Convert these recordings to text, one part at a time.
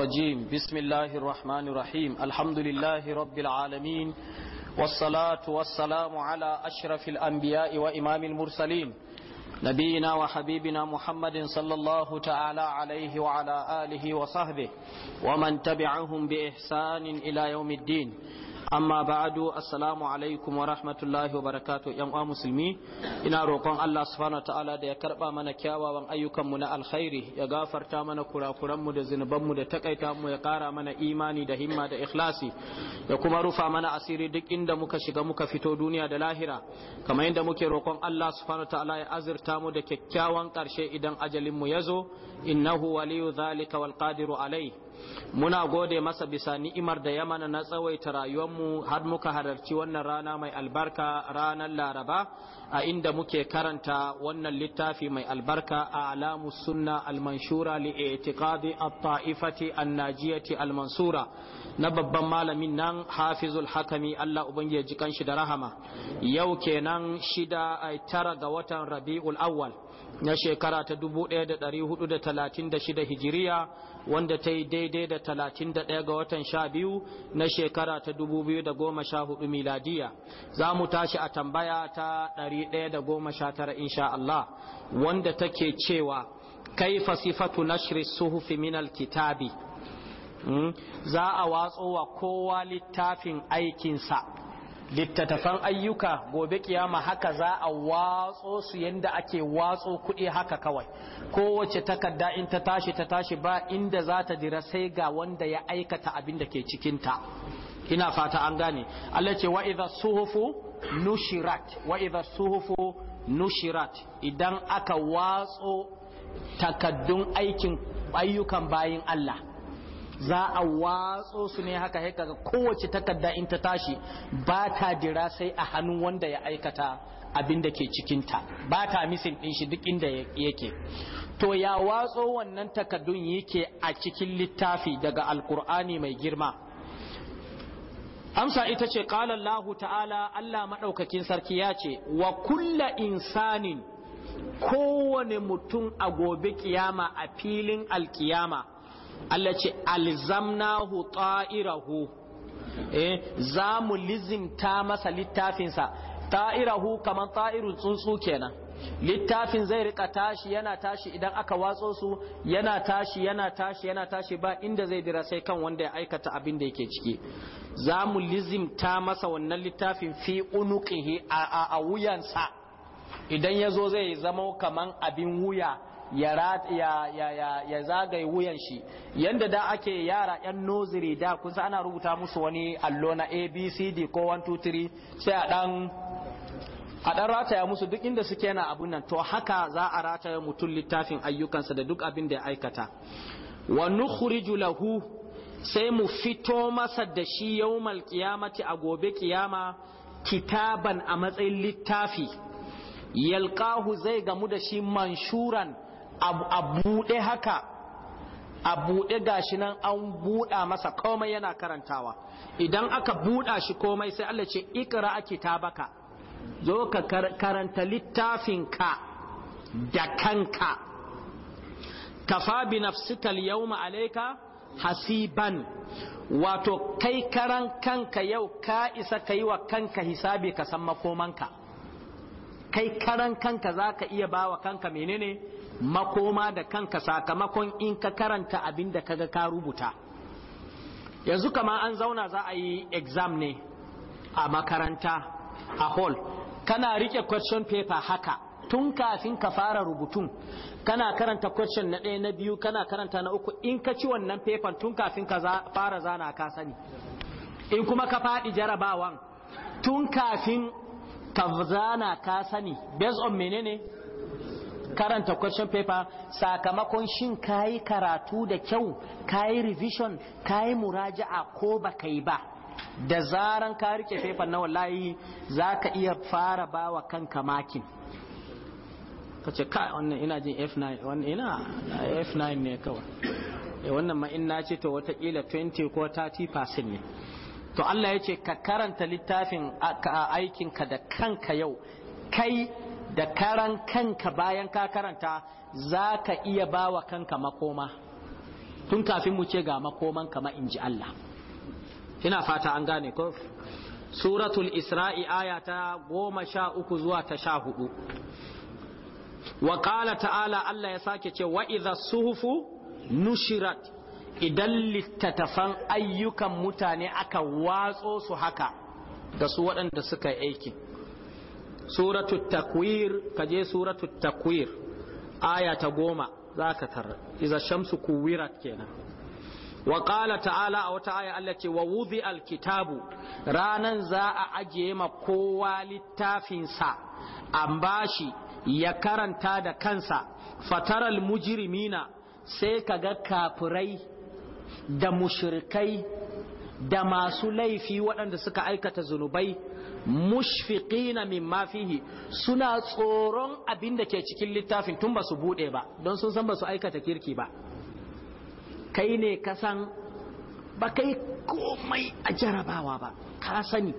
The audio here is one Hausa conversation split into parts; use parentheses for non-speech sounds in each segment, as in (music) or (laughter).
الرجيم بسم الله الرحمن الرحيم الحمد لله رب العالمين والصلاة والسلام على أشرف الأنبياء وإمام المرسلين نبينا وحبيبنا محمد صلى الله تعالى عليه وعلى آله وصحبه ومن تبعهم بإحسان إلى يوم الدين amma ba'adu assalamu alaikum wa rahmatullahi wa barakatuh yan uwa musulmi ina roƙon Allah subhanahu ta'ala da ya karba mana kyawawan ayyukan mu na alkhairi ya gafarta mana kurakuran mu da zinuban mu da takaita mu ya ƙara mana imani da himma da ikhlasi ya kuma rufa mana asiri duk inda muka shiga muka fito duniya da lahira kamar yadda muke roƙon Allah subhanahu ta'ala ya azurta mu da kyakkyawan ƙarshe idan ajalin mu yazo innahu waliyu zalika wal qadiru alai muna gode masa bisa ni'imar da ya mana na tsawaita rayuwarmu har muka halarci wannan rana mai albarka ranar laraba a inda muke karanta wannan littafi mai albarka a alamu sunna almanshura li itiqadi at-ta'ifati an-najiyati al-mansura na babban malamin nan hafizul hakami Allah ubangiji ya ji kanshi da rahama yau kenan shida a tara ga watan rabiul awwal na shekara ta 1436 hijiriya wanda ta yi daidai da talatin da ɗaya ga watan sha biyu na shekara ta dubu biyu da goma sha hudu miladiya za mu tashi a tambaya ta ɗari ɗaya da goma sha tara insha Allah wanda take cewa kai fasifatu nashri suhufi minal kitabi hmm? za a watsowa kowa littafin aikinsa littattafan ayyuka gobe kiyama haka za a watso su yanda ake watso kuɗi haka kawai kowace takarda in ta tashi ta tashi ba inda za ta dira sai ga wanda ya aikata abin da ke cikinta ina fata an gane Allah ce wa idha suhufu nushirat wa idha suhufu nushirat idan aka watso takaddun aikin ayyukan bayin Allah za a watso su ne haka haka kowace takarda in ta tashi ba ta dira sai a hannun wanda ya aikata abin da ke cikinta ba ta misin ɗin shi duk inda yake to ya watso wannan takardun yake a cikin littafi daga alkur'ani mai girma amsa ita ce ƙalallahu ta'ala allah maɗaukakin sarki ya ce wa kulla insanin kowane mutum a gobe kiyama a filin alkiyama Allah ce alzamnahu ta'irahu eh za mu lizimta masa littafinsa ta'irahu kamar ta'irun tsuntsu kenan littafin zai rika tashi yana tashi idan aka watso su yana tashi yana tashi yana tashi ba inda zai dira sai kan wanda ya aikata abin da yake ciki za mu lizimta masa wannan littafin fi unuqihi a, a wuyansa idan ya zo zai zama kaman abin wuya ya zagaye wuyan shi yanda da ake yara yan noziri da kun ana rubuta musu wani allo na abcd ko 1 2 3 sai a dan a dan rataya musu duk inda suke na abun nan to haka za a rataya mutum littafin ayyukansa da duk abin da ya aikata wa nukhriju lahu sai mu fito masa da shi yawmal qiyamati a gobe kiyama kitaban a matsayin littafi yalqahu zai gamu da shi manshuran a buɗe haka a buɗe gashi nan an buɗa masa komai yana karantawa idan aka buɗa shi komai sai Allah ce ikra a kitabaka zo ka karanta littafinka da kanka kafa bi nafsikal yawma alayka hasiban wato kai karan kanka yau ka isa ka wa kanka hisabi ka san makomanka kai karan kanka za ka iya bawa kanka menene makoma da kanka sakamakon in ka karanta abin da kaga ka rubuta yanzu kama an zauna za a yi exam ne a makaranta a hall kana rike question paper haka tun kafin ka fara rubutun kana karanta question na ɗaya na biyu kana karanta na uku in ka ci wannan paper tun kafin ka fara zana ka sani in kuma ka faɗi jarabawan tun kafin ka zana ka sani based on menene karanta question paper sakamakon shin kayi karatu da kyau kayi revision kayi muraja'a ko ba kai ba da zaran ka rike paper na wallahi zaka iya fara bawa kanka makin ka ce kai wannan ina jin F9 wannan ina F9 ne kawai eh, wannan ma in na ce to watakila 20 ko 30% ne to Allah ya ce ka karanta littafin aikinka da kanka yau kai da karan kanka bayan ka karanta za ka iya ba wa kanka makoma tun kafin mu ce ga makoman kama in ji Allah ina fata an gane ko suratul isra'i aya ta goma sha uku zuwa ta sha hudu wa ta'ala Allah ya sake ce wa iza suhufu nushirat idan littattafan ayyukan mutane aka watso su haka da su waɗanda suka yi aikin suratu takwir ka je suratu takwir aya ta goma za ka tara iza shamsu kuwirat kenan wa qala ta'ala a wata aya Allah ce wa wuzi alkitabu ranan za a ajiye ma kowa littafinsa an bashi ya karanta da kansa fataral mujrimina sai ka ga kafirai da mushrikai da masu laifi waɗanda suka aikata zunubai mushfiqina ma fihi suna tsoron abin da ke cikin littafin tun ba su bude ba don sun san ba su aikata kirki ba kai ne ka san ba kai komai a jarabawa ba ka sani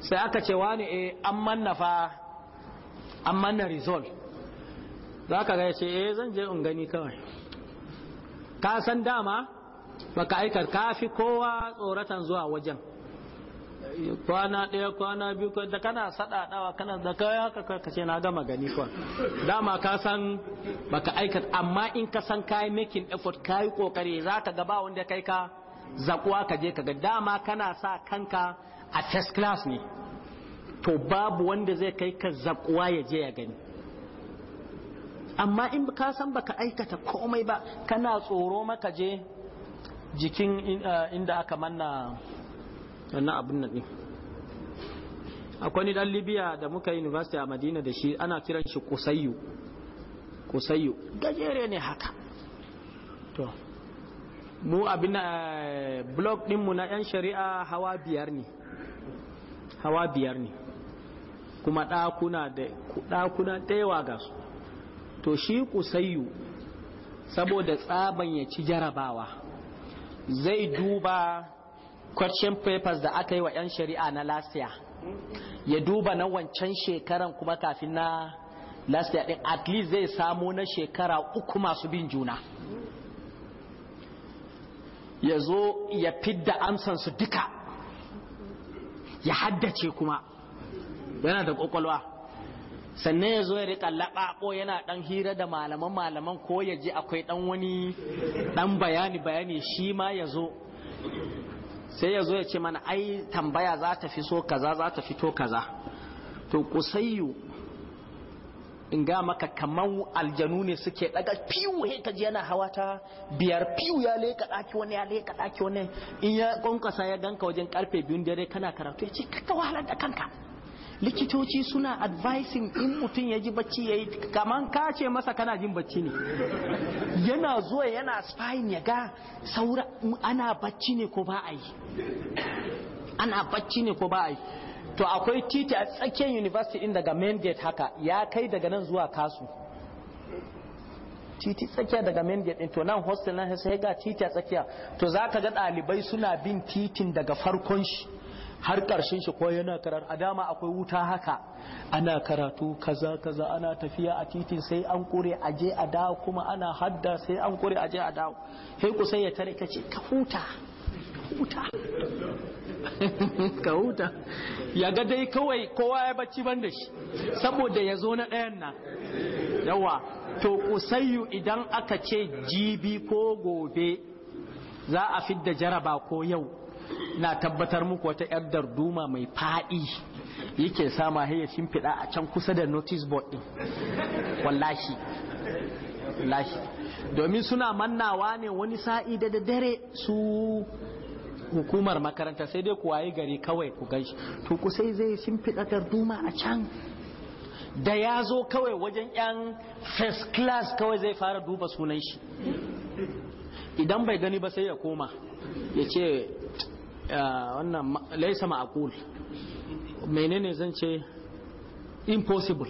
sai aka ce wani e eh, an manna fa an manna result za ka gaya ce eh zan je in gani kawai ka san dama baka aikar ka fi kowa tsoratan zuwa wajen kwana ɗaya kwana biyu da kana saɗaɗawa kana da kawai haka ce na gama gani kwa dama ka san baka aikata amma in ka san kayi making effort kayi kokari za ka gaba wanda kai ka zakuwa ka je ka ga dama kana sa kanka a test class ne to babu wanda zai kai ka zakuwa ya je ya gani amma in ka san baka aikata komai ba kana tsoro maka je jikin eh, inda aka manna wannan abin nan din akwai ni dan libya da muka yi university a madina da shi ana kiran shi kusayyu kusayyu gajere ne haka to mu abin na eh, blog dinmu na yan shari'a hawa biyar ne hawa biyar ne kuma ɗakuna da ɗakuna ga su to shi kusayyu saboda tsaban ya ci jarabawa zai duba question papers da aka yi wa 'yan shari'a na lasiya ya duba na wancan shekaran kuma kafin na lasiya din at least zai samu na shekara uku masu bin juna ya zo ya fidda amsansu duka ya haddace kuma yana da kwakwalwa sannan ya zo ya rika laɓaɓo yana ɗan hira da malaman malaman ko ya ji akwai ɗan wani ɗan bayani bayani shi ma ya zo sai ya zo ya ce mana ai tambaya za ta fi so kaza za ta fito kaza to kusayyu in ga maka kaman aljanu ne suke daga piyu he ji yana hawa ta biyar piyu ya leka daki wani ya leka daki wani in ya konkasa ya ganka wajen karfe biyun dare kana karatu ya ce ka wahalar da kanka likitoci suna advising in mutum ya ji bacci ya yi kaman ka ce masa kana jin bacci ne yana zuwa yana spine ya ga saura ana bacci ne ko ba a yi ana bacci ne ko ba a yi to akwai titi a tsakiyar university din daga main gate haka ya kai daga nan zuwa kasu titi tsakiya daga main gate din to nan hostel nan sai ga titi a tsakiya to zaka ga ɗalibai suna bin titin daga farkon shi har ƙarshen shi ko yana karar a dama akwai wuta haka ana karatu kaza kaza ana tafiya a titin sai an kure a je a dawo kuma ana hadda sai an kure a je a dawo sai ku sai ya tare ka ce ka huta huta (laughs) ka huta ya ga dai kawai kowa ya bacci ban da shi saboda ya zo na ɗayan nan yawa to kusayyu idan aka ce jibi ko gobe za a fidda jaraba ko yau na tabbatar muku wata yar darduma mai faɗi yake sama hayya shimfida a can kusa da notice board din wallahi wallahi domin suna mannawa ne wani sa'i da dare su hukumar makaranta sai dai ku waye gari kawai ku ganshi to ku sai zai shimfida darduma a can da ya zo kawai wajen 'yan first class kawai zai fara duba sunan shi idan bai gani ba sai ya koma ya ce wannan laisa ma'akul menene zan ce impossible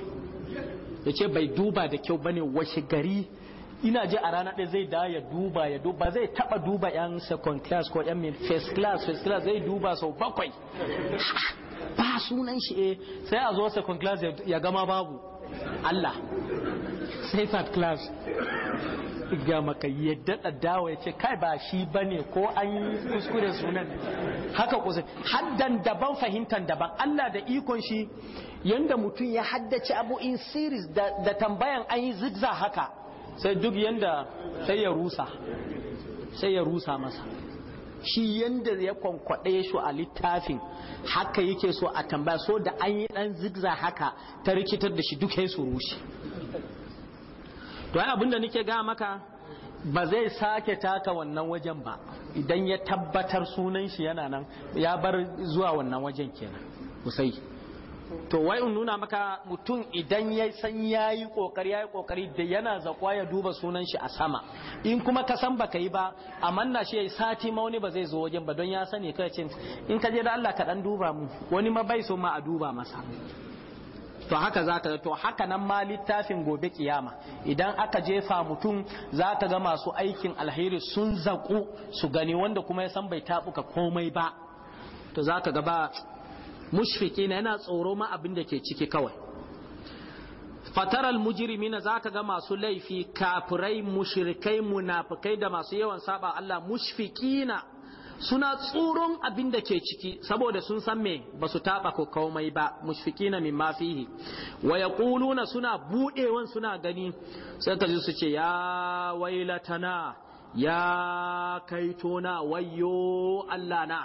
ya ce bai duba da kyau bane washe gari ina ji a rana ɗaya zai da ya duba ya duba zai taɓa duba yan second class ko yan first class first class zai duba sau bakwai ba sunan shi eh sai a zo second class ya gama babu Allah sai third class ga maka yadda daddawa ya ce kai ba shi bane ko an yi kuskure sunan haka kusa haddan daban fahimtan daban Allah da ikon shi yadda mutum ya haddace abu in series da, tambayan an yi zigza haka sai duk yadda sai ya rusa sai ya rusa masa shi yadda ya kwankwaɗe shi a littafin haka yake so a tambaya so da an yi ɗan zigza haka ta rikitar da shi duk ya su rushe to ai abinda nake ga maka ba zai sake taka wannan wajen ba idan ya tabbatar sunan shi yana nan ya bar zuwa wannan wajen kenan kusai to wai in nuna maka mutum idan ya san yayi kokari yayi kokari da yana zakwa ya duba sunan shi a sama in kuma ka san baka yi ba amanna shi yayi sati ma wani ba zai zo wajen ba don ya sani kai ce in ka je da Allah ka dan duba mu wani ma bai so ma a duba masa to haka zaka to haka nan ma littafin gobe kiyama idan aka jefa mutum zaka ga masu aikin alheri sun zaku su gani wanda kuma ya san bai tabuka komai ba to zaka ga ba mushfiki na yana tsoro ma abin da ke ciki kawai fataral za zaka ga masu laifi kafirai mushirikai munafukai da masu yawan saba Allah mushfikina suna tsuron abin da ke ciki saboda sun san me ba su taɓa ko komai ba mushfikina min ma fihi wa yaquluna suna buɗewan suna gani sai ka ji su ce ya wailatana ya kaitona wayyo Allah na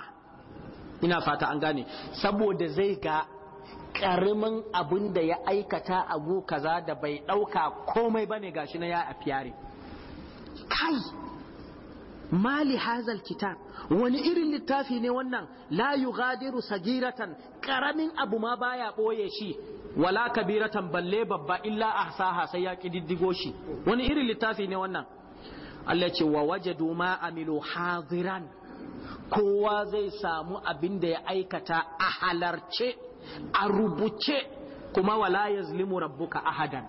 ina fata an gane saboda zai ga karamin abin da ya aikata a kaza da bai ɗauka komai bane gashi na ya afiyare kai mali hazal kitab wani irin littafi ne wannan la yughadiru sagiratan karamin abu ma baya boye shi wala kabiratan balle babba illa ahsaha sai ya kididdigo shi wani irin littafi ne wannan Allah ce wa wajadu ma amilu haziran. kowa zai samu abin da ya aikata a halarce a rubuce kuma wala yazlimu rabbuka ahadan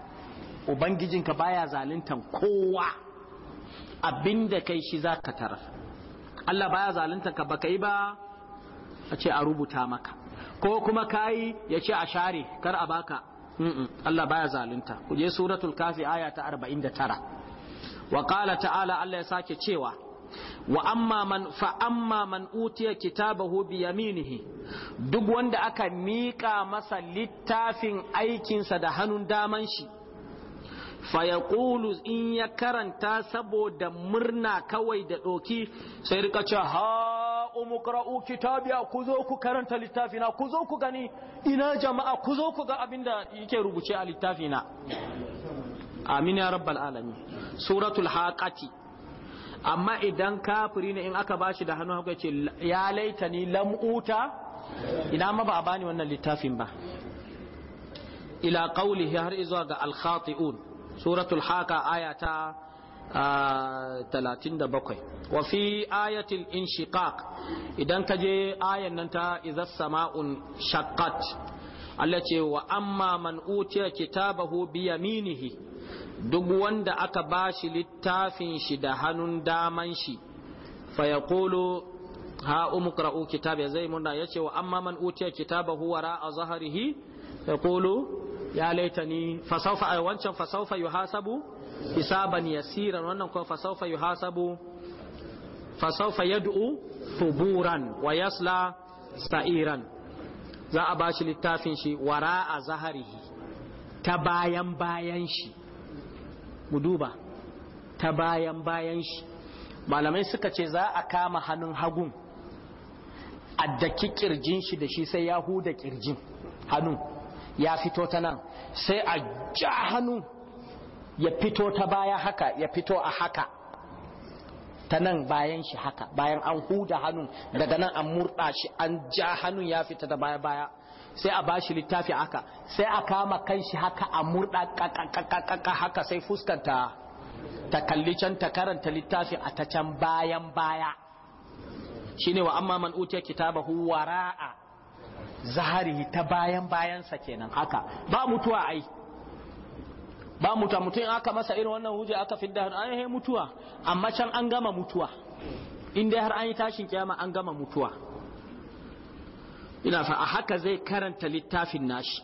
ubangijinka baya zaluntan kowa abinda kai shi za ka tara Allah baya zalunta ka baka yi ba a ce a rubuta maka ko kuma kayi ya ce a share kar a baka Allah baya zalunta ku je suratul kafi aya ta 49 wa qala ta'ala Allah ya sake cewa wa amma man fa amma man utiya kitabahu bi yaminihi duk wanda aka mika masa littafin aikinsa da hannun daman shi fayaqulu in ya karanta saboda murna kawai da doki sai rika ce ha umqra'u kitabiya ku zo ku karanta littafina ku zo ku gani ina jama'a ku zo ku ga abinda yake rubuce a littafina amin ya rabbal alamin suratul haqati amma idan kafiri ne in aka bashi da hannu haka ce ya laitani lam'uta ina ma ba a bani wannan littafin ba ila qawlihi har izuwa ga al-khati'un suratul haka ayata talatin da bakwai wafi fi ayatil inshiqaq idan ka je ayan nan ta idza sama'un shakkat Allah ce wa amma man utiya kitabahu bi yaminihi duk wanda aka bashi littafin shi da hannun daman shi fa yaqulu ha umqra'u kitabi zai munda yace wa amma man utiya kitabahu wara a zahrihi yaqulu ya laitani fasaufa a eh, wancan fasaufa yuhasabu hisaban yasiran wannan kuma fasaufa yuhasabu fasaufa yad'u tuburan wa yasla sa'iran za a bashi littafin shi wara a zaharihi ta bayan bayan shi Guduba ta bayan bayan shi malamai suka ce za a kama hannun hagun a daki kirjin shi da shi sai ya huda kirjin hannun ya fito ta nan sai a ja hannu ya fito ta baya haka ya fito a haka ta nan bayan shi haka bayan an huda hannun daga nan an murɗa shi an ja hannun ya fita da baya baya sai a bashi littafi haka sai a kama kan shi haka a murɗa kakakakaka haka sai fuskanta ta kalli can ta karanta littafi a ta can bayan baya shine wa amma man utiya kitabahu wara'a zahari ta bayan bayansa kenan haka ba mutuwa ai ba mutuwa mutum aka masa irin wannan huje aka fidda an yi mutuwa amma can an gama mutuwa dai har an yi tashin kiyama an gama mutuwa ina fa a haka zai karanta littafin nashi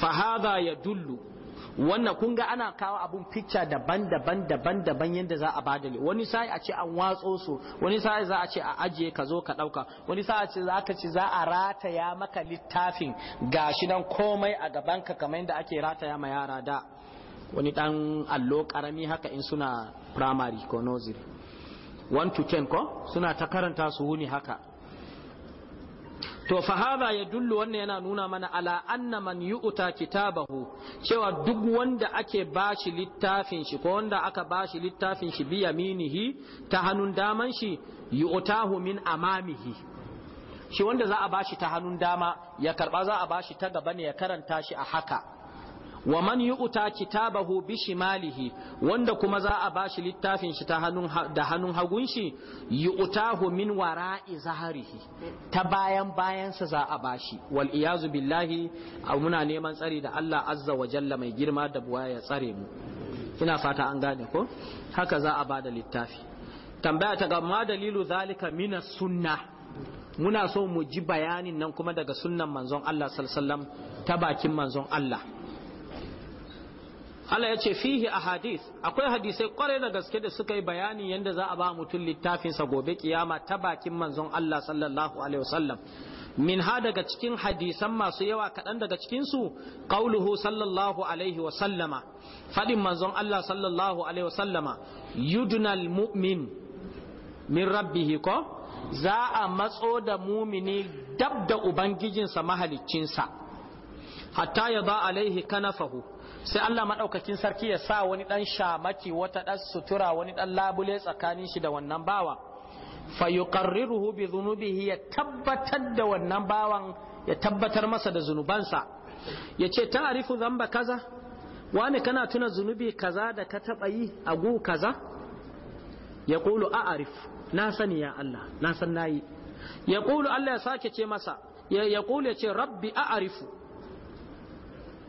fa ya yadullu wannan kun ga ana kawo abun picture daban-daban daban-daban yadda za a bada wani sai a ce an watso su wani sai za a ce a ajiye ka zo ka dauka wani sai a ce za ka ci za a rataya maka littafin gashi nan komai a gaban ka kamar yadda ake rataya ma yara da wani dan allo karami haka in suna primary ko nursery 1 to 10 ko suna ta karanta su huni haka to fa ya yadullu wannan yana nuna mana ala anna man yu'ta kitabahu cewa duk wanda ake bashi littafin shi ko wanda aka bashi littafin shi bi yaminihi ta hannun daman shi yu'tahu min amamihi shi wanda za a bashi ta hannun dama ya karba za a bashi ta gaba ne ya karanta shi a haka wa man yu'ta kitabahu bi shimalihi wanda kuma za a bashi littafin shi ta hannun da hannun hagun shi yu'tahu min wara'i zaharihi ta bayan bayan sa za a bashi wal iyazu billahi muna neman tsari da Allah azza wa jalla mai girma da buwa ya tsare mu ina fata an gane ko haka za a bada littafi tambaya ta gama dalilu zalika mina sunna muna so mu ji bayanin nan kuma daga sunnan manzon Allah sallallahu alaihi wasallam ta bakin manzon Allah Allah ya ce fihi hadith akwai hadisai kwarai da gaske da suka yi bayani yadda za a ba mutum littafinsa gobe kiyama ta bakin manzon Allah sallallahu alaihi wasallam min ha daga cikin hadisan masu yawa kaɗan daga cikinsu qauluhu sallallahu alaihi wasallama faɗin manzon Allah sallallahu alaihi wasallama mu'min min rabbihi ko za a matso da mumini dab da ubangijinsa mahaliccinsa hatta ya ba alaihi kanafahu sai Allah maɗaukakin sarki ya sa wani ɗan shamaki wata ɗan sutura wani ɗan labule tsakanin shi da wannan bawa. fa yuqarriruhu bi dhunubihi ya tabbatar da wannan bawan ya tabbatar masa da zunubansa ya ce ta'rifu zamba kaza wani kana tuna zunubi kaza da ka taɓa yi a gu kaza ya qulu a'arif na sani ya Allah na san nayi ya qulu Allah ya sake ce masa ya qulu ya ce rabbi a'arifu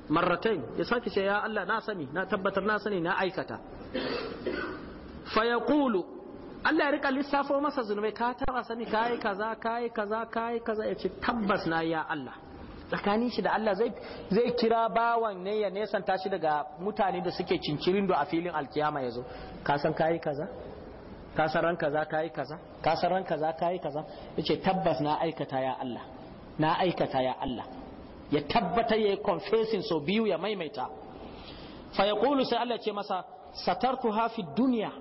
marratain ya sake ce ya Allah na sani na tabbatar na sani na aikata fa yaqulu Allah ya rika lissafo masa zunubai ka taba sani kai kaza kai kaza kai kaza ya ce tabbas na ya Allah tsakanin shi da Allah zai zai kira bawan ne ya nesan tashi daga mutane da suke cincirin a filin alkiyama yazo ka san kai kaza ka san ran kaza kai kaza ka san ran kaza kai kaza yace tabbas na aikata ya Allah na aikata ya Allah ya tabbatar ya yi confessing so biyu ya maimaita fa ya kulu sai Allah ce masa satartu hafi duniya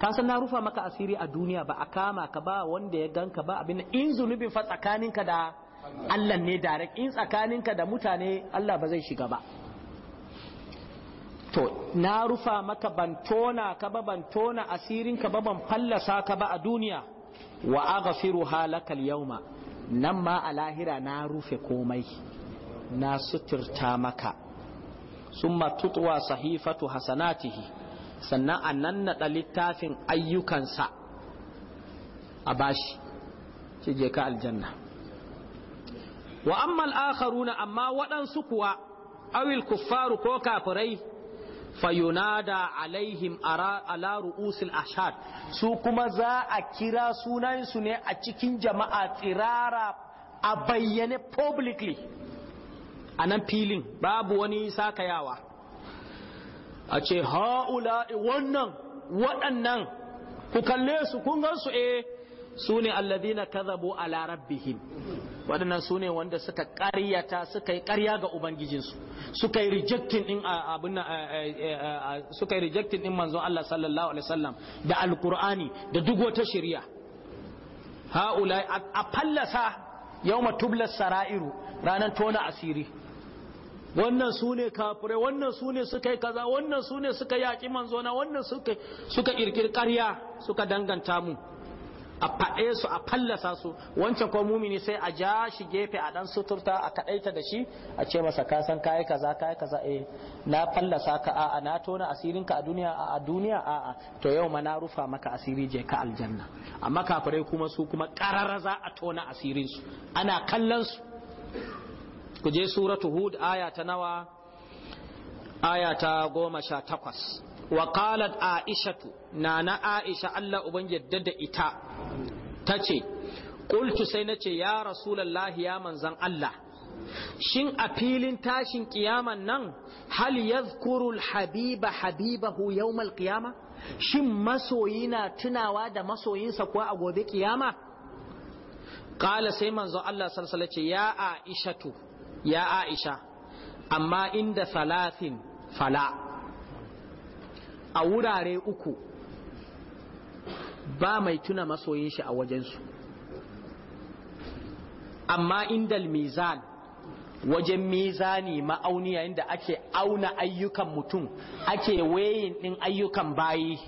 ka san na rufa maka asiri a duniya ba a kama ka ba wanda ya ganka ba abin in zunubin fa tsakaninka da Allah ne direct in tsakaninka da mutane Allah ba zai shiga ba to na rufa maka ban tona ka ba ban tona asirin ka ba ban fallasa ka ba a duniya wa aghfiru halakal yawma nan ma a lahira na rufe komai na suturta maka summa tutwa sahifatu hasanatihi sannan a nan naɗa littafin ayyukansa a bashi ce ka aljanna wa ammal na amma waɗansu kuwa awil kuffaru ko kafirai fayunada alaihim ala ru'usil ashad su kuma za a kira sunansu ne a cikin jama'a tsirara a bayyane publicly a nan filin babu wani sakayawa a ce ha'ula wannan waɗannan ku kalle su kun gansu eh su ne alladina kazabu ala rabbihim waɗannan su ne wanda suka ƙaryata suka yi ƙarya ga ubangijinsu suka yi rejectin din abin suka yi rejectin din manzon Allah sallallahu alaihi wasallam da alqur'ani da duk wata shari'a haula a fallasa yawma tublas sarairu ranar tona asiri wannan su ne kafirai wannan su ne suka yi kaza wannan su ne suka yaƙi manzona wannan suka ƙirƙir ƙarya suka danganta mu a faɗe su a fallasa su wancan ko mumini sai a ja shi gefe a ɗan suturta a kaɗaita da shi a ce masa ka san kayi kaza kayi kaza eh na fallasa ka a'a na tona asirin ka a duniya a duniya a'a to yau ma na rufa maka asiri je ka aljanna amma kafirai kuma su kuma ƙarara za a tona asirin su ana kallon su ku je suratu hud aya ta nawa aya ta goma sha takwas wa qalat aishatu na na aisha Allah uban yadda da ita Ta ce, qultu sai na ce ya rasulullahi ya manzan Allah shin a filin tashin kiyaman nan hal yazkurul habiba habibahu yawmal qiyama shin masoyi na tunawa da masoyinsa kuwa a gobe kiyama Kala sai manzon Allah sallallahu ya aishatu ya aisha amma inda salasin fala a wurare uku ba mai tuna masoyin shi a wajensu amma inda mizan wajen mizani ma'auni yayin da ake auna ayyukan mutum ake weyin ɗin ayyukan bayi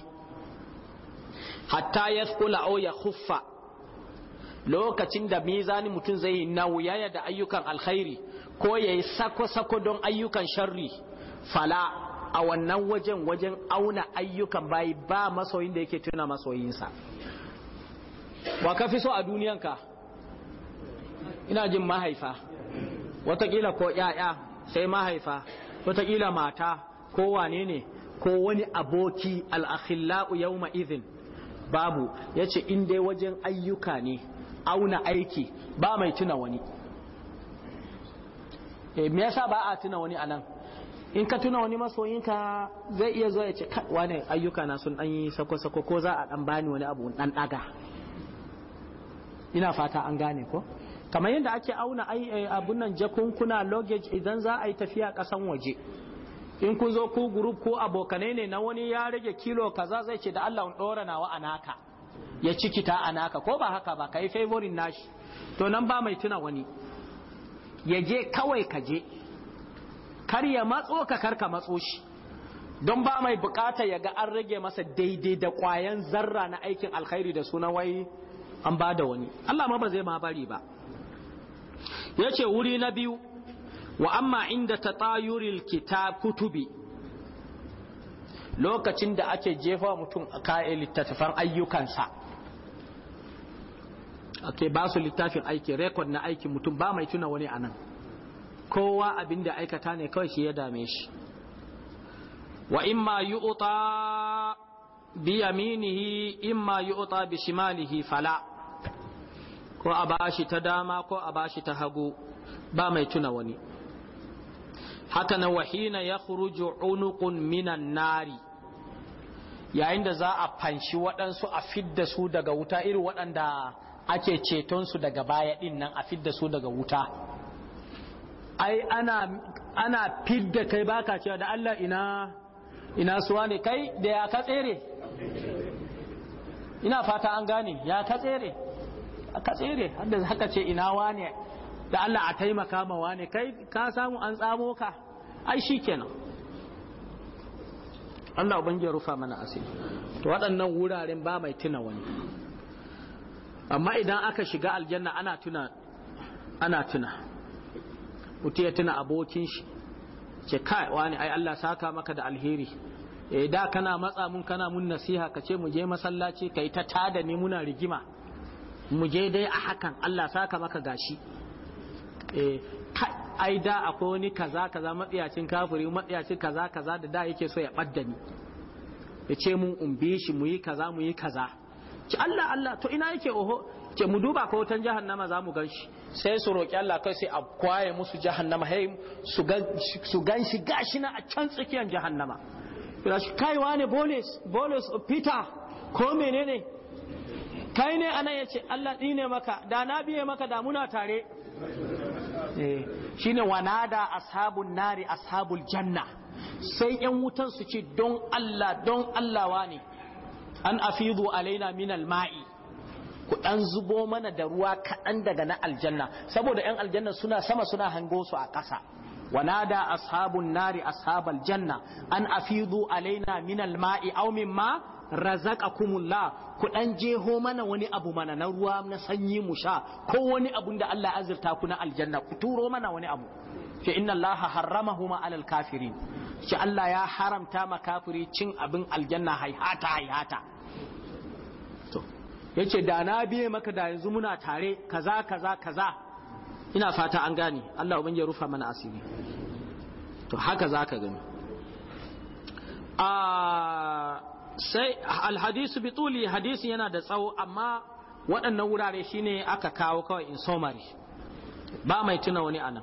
hatta ya skula o ya huffa lokacin da mizani mutum zai yi nauyaya da ayyukan alkhairi ko ya yi sako-sako don ayyukan sharri fala a wannan wajen wajen auna ayyukan bayi ba masoyin da yake tuna masoyinsa wa ka fi so a duniyanka ina jin mahaifa watakila ko ya'ya sai mahaifa watakila mata ko wane ne ko wani aboki al'akhila'u yauma izin babu ya ce in dai wajen ayyuka ne auna aiki ba mai tuna wani Eh, me yasa ba a tuna wani anan in ka tuna wani masoyinka zai iya zo ya ce wane ayyuka na sun dan yi sako-sako ko za a dan bani wani abu dan daga ina fata an gane ko kamar yadda ake auna eh, abun nan jakunkuna luggage idan za a yi tafiya kasan waje in ku zo ku group ko abokanai ne na wani ya rage kilo kaza zai ce da Allah dora nawa a naka ya cikita a naka ko ba haka ba ka yi favorin nashi to nan ba mai tuna wani ya je kawai ka je kar ya matso ka kar ka matso shi don ba mai bukata ya ga an rage masa daidai da kwayan zarra na aikin alkhairi da suna wai an ba da wani Allah ma ba zai ma bari ba yace wuri na biyu wa amma inda ta tsayuril kitab kutubi lokacin da ake jefa mutum kayan littattafan ayyukansa ake ba su littafin aiki rekod na aiki mutum ba mai tuna wani anan kowa abin da aikata ne kawai shi ya dame shi wa imma yu'ta bi yaminihi imma yu'ta bi shimalihi fala ko a bashi ta dama ko a bashi ta hagu ba mai tuna wani haka na wahina ya khuruju unuqun minan nari yayin da za a fanshi waɗansu a fidda su daga wuta irin waɗanda ake cetonsu daga baya ɗin nan a fidda su daga wuta ai ana ana fidda kai baka cewa da Allah ina ina suwa ne kai da ya ka tsere ina fata an gane ya ka tsere ka tsere da haka ce ina wane da Allah a taimaka ma wane kai ka samu an tsamo ka ai shikenan Allah ubangiji rufa mana asiri to waɗannan wuraren ba mai tuna wani amma idan aka shiga aljanna ana tuna ana tuna mutu ya tuna abokin shi ce kai wani ai Allah saka maka da alheri eh da kana matsa mun kana mun nasiha kace ce mu je masallaci kai ta tada ne muna rigima mu je dai a hakan Allah saka maka gashi eh ai da akwai wani kaza kaza matsiyacin kafiri matsiyacin kaza kaza da da yake so ya badda ni ya mun umbi shi mu yi kaza mu yi kaza ci Allah Allah to ina yake oho ke mu duba ko wutan jahannama za mu gan shi sai su roƙi Allah kai sai a kwaye musu jahannama hey su gan shi gashi na a can tsakiyar jahannama kira shi kai wane bolus bolus peter ko menene kai ne ya yace Allah dine maka da na biye maka da muna tare eh shine wanada ashabun nari ashabul janna sai yan wutan su ce don Allah don Allah wane an afidu alaina min alma'i ku dan zubo mana da ruwa kaɗan daga na aljanna saboda yan aljanna suna sama suna hango su a ƙasa wanada ashabun nari ashabal janna an afidu alaina min alma'i aw mimma razaqakumullah ku dan jeho mana wani abu mana na ruwa na sanyi mu sha ko wani abu da Allah azurta ku na aljanna ku turo mana wani abu fi inna Allah harramahuma alal kafirin shi Allah ya haramta ma kafiri cin abin aljanna haihata haihata to yace da na biye maka da yanzu muna tare kaza kaza kaza ina fata an gane Allah ubangi ya rufa mana asiri to haka zaka gani a sai alhadisu bi tuli hadisi yana da tsawo amma waɗannan wurare shine aka kawo kawai in somari ba mai tuna wani anan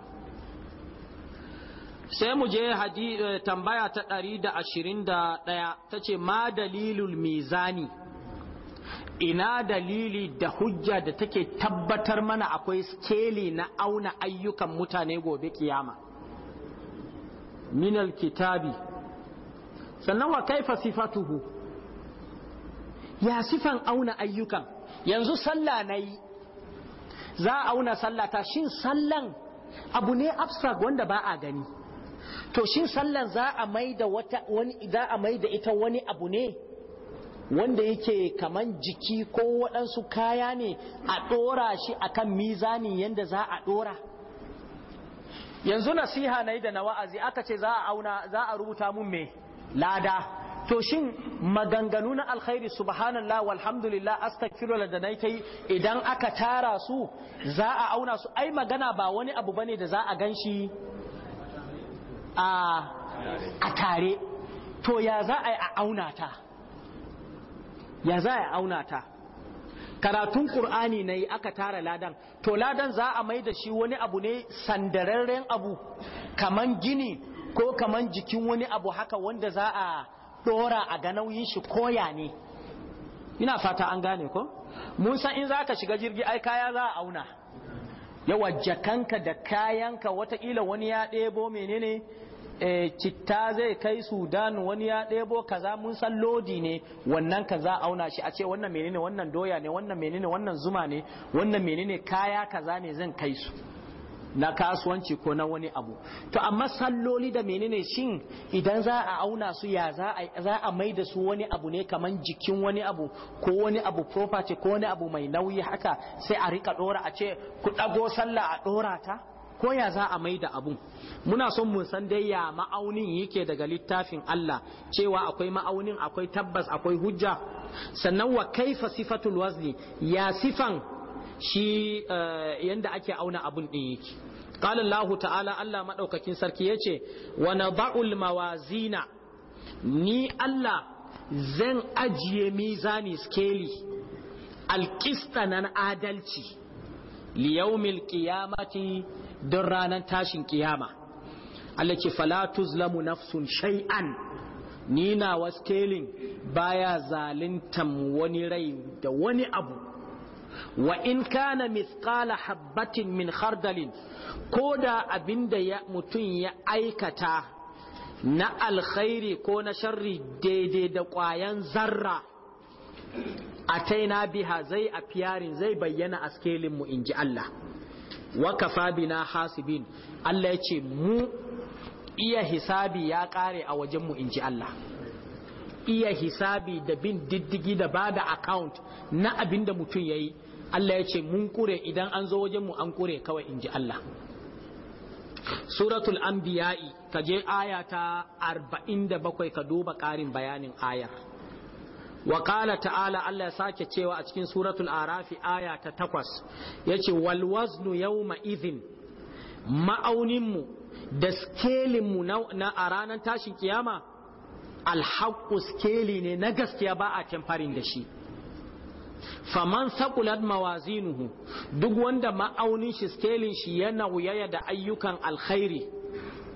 sai mu je eh, tambaya ta ɗari da da ashirin ɗaya, ta ce ma dalilul mizani ina dalili da hujja da take tabbatar mana akwai skeli na auna ayyukan mutane gobe kiyama minal kitabi sannan wa kaifa sifatuhu ya sifan auna ayyukan yanzu sallah na yi za a auna sallata shin sallan abu ne abstract wanda ba a gani to shin sallan za a mai da wata wani za a mai da ita wani abu ne wanda yake kaman jiki ko waɗansu kaya ne a ɗora shi akan mizani yanda za a ɗora yanzu nasiha na yi da na wa'azi aka ce za a auna za a rubuta mun me lada to shin maganganu na alkhairi subhanallah walhamdulillah astaghfirullah da na kai idan aka tara su za a auna su ai magana ba wani abu bane da za a ganshi a tare to ya za a a auna ta ya za a auna ta karatun ƙur'ani na yi aka tara ladan to ladan za a mai da shi wani abu ne sandararren abu kaman gini ko kaman jikin wani abu haka wanda za a ɗora a ga nauyin shi koya ne ina fata an gane ko musa in za ka shiga jirgi ai kaya za a auna yawa jakanka da kayanka watakila wani ya ɗebo menene e, citta zai kai sudan wani ya ɗebo kaza mun san lodi ne wannan kaza auna shi a ce wannan menene wannan doya ne wannan menene wannan zuma ne wannan menene kaya kaza ne zan kai su na kasuwanci ko na wani abu to amma salloli da menene shin idan za a auna su ya za a za a mai da su wani abu ne kaman jikin wani abu ko wani abu property ko wani abu mai nauyi haka sai a rika dora a ce ku dago sallah a dora ta ko ya za a mai da abun muna son mun san dai ya ma'aunin yake daga littafin Allah cewa akwai ma'aunin akwai tabbas akwai hujja sannan wa kaifa sifatul wazni ya sifan shi eh, yanda ake auna abun din yake qala allah ta'ala allah madaukakin sarki yace wa nada'ul mawazina ni allah zan ajiye mizani skeli alqista nan adalci Liyaumin qiyamati don ranar tashin ƙiyama. Allah ce fala tuzlamu nafsun shay'an ni na waskelin baya zalintan wani rai da wani abu wa in kana mithqala habbatin min khardalin koda abinda ya mutum ya aikata na alkhairi ko na sharri daidai da ƙwayan zarra a taina biha zai a fiyarin zai bayyana a skelinmu in ji Allah wa kafa bina hasibin Allah ya ce mu iya hisabi ya kare a wajenmu in ji Allah iya hisabi da bin diddigi da ba da account na abinda mutum yayi. Allah ya ce mun kure idan an zo wajen mu an kure kawai in ji Allah suratul anbiya'i ka je arba'in da bakwai ka duba ƙarin bayanin ayar wa qala ta'ala Allah ya sake cewa a cikin suratul arafi aya ta 8 yace wal waznu yawma idhin ma'aunin mu da skelin mu na a ranar tashin kiyama alhaqqu skeli ne na gaskiya ba a tamfarin da shi faman sakulat mawazinuhu duk wanda ma'aunin shi skelin shi ya nauyaya da ayyukan alkhairi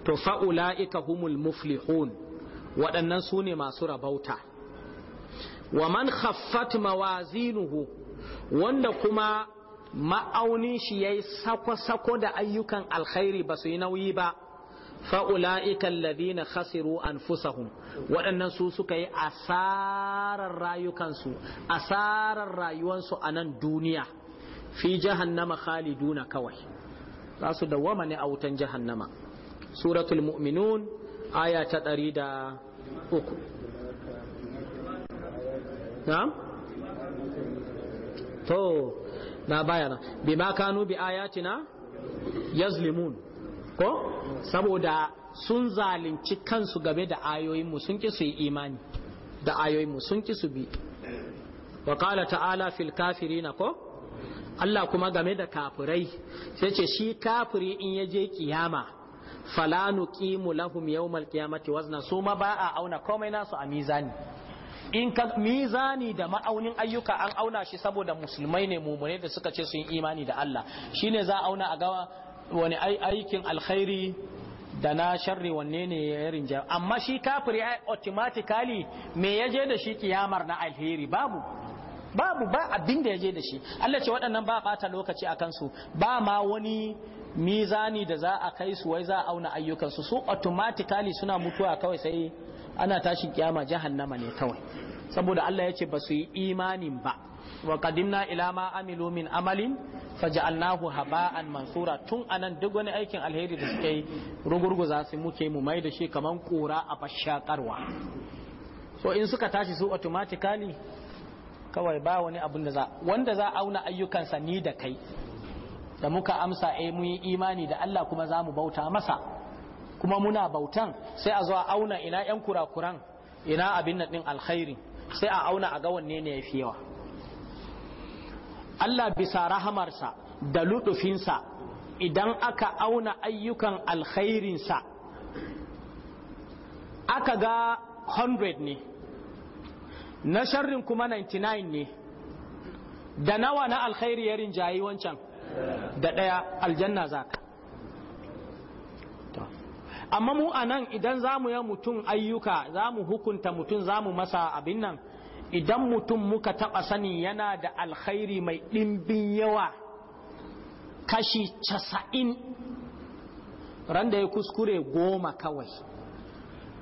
to fa'ula'ika humul muflihun waɗannan su ne masu rabauta wa man khaffat mawazinuhu wanda kuma ma'aunin shi ya yi sako-sako da ayyukan alkhairi ba su yi nauyi ba fa'ula'ikan alladhina khasiru anfusahum waɗannan su suka yi asarar rayukansu asarar rayuwansu a nan duniya fi jahannama khaliduna kawai za su dawwama ne a wutan jahannama suratul mu'minun aya ta ɗari da uku to na bayana bima kanu bi ayatina yazlimun ko saboda sun zalunci kansu game da ayoyinmu sun ki su imani da ayoyinmu sun ki su bi wa qala ta'ala fil kafirina ko Allah kuma game da kafirai sai ce shi kafiri in ya je kiyama fala nuqimu lahum yawmal qiyamati wazna su ma ba a auna komai nasu a mizani in ka mizani da ma'aunin ayyuka an auna shi saboda musulmai ne mumune da suka ce sun imani da Allah shine za a auna a gawa wani aikin alkhairi da na sharri wanne ne ya rinja amma shi kafiri automatically me ya je da shi kiyamar na alheri babu babu ba abin da ya je da shi Allah ce waɗannan ba bata lokaci a kansu ba ma wani mizani da za a kai su wai za a auna ayyukansu su automatically suna mutuwa kawai sai ana tashin kiyama jahannama ne kawai saboda Allah ya ce ba yi imanin ba wa qadimna ila ma amilu min amalin faja'alnahu haba'an mansura tun anan duk wani aikin alheri da suke yi rugurguza su muke mu mai da shi kaman kura a fashakarwa so in suka tashi su automatically kawai ba wani abu da za wanda za auna ayyukansa ni da kai da muka amsa eh mun yi imani da Allah kuma za mu bauta masa kuma muna bautan sai a zo a auna ina yan kurakuran ina abin nan din alkhairi sai a auna a ga wanne ne yafi yawa Allah bisa rahamarsa da luɗufinsa idan aka auna ayyukan alkhairinsa aka ga 100 ne na sharrin kuma 99 ne da nawa na alkhairi ya rinjayi wancan da ɗaya aljanna zaka amma mu anan idan zamu mu yi mutum ayyuka zamu hukunta mutum zamu masa abin nan idan mutum muka taɓa sani yana da alkhairi mai ɗimbin yawa kashi casa'in randa ya kuskure goma kawai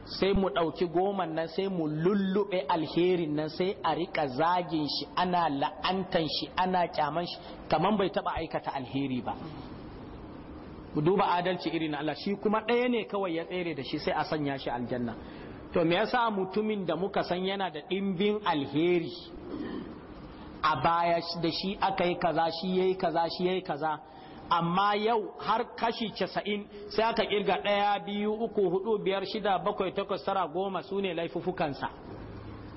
sai mu ɗauki goman nan sai mu lullube alherin nan sai a riƙa zagin shi ana la'antan shi ana kyaman shi kamar bai taɓa aikata alheri ba duba adalci irin Allah shi kuma ɗaya ne kawai ya tsere da shi sai a sanya shi aljanna to me yasa mutumin da muka san yana da ɗimbin alheri a baya da shi aka yi kaza shi yayi kaza shi yayi kaza amma yau har kashi casa'in sai aka kirga ɗaya biyu uku 4 biyar shida bakwai takwas tara goma su ne laifuffukansa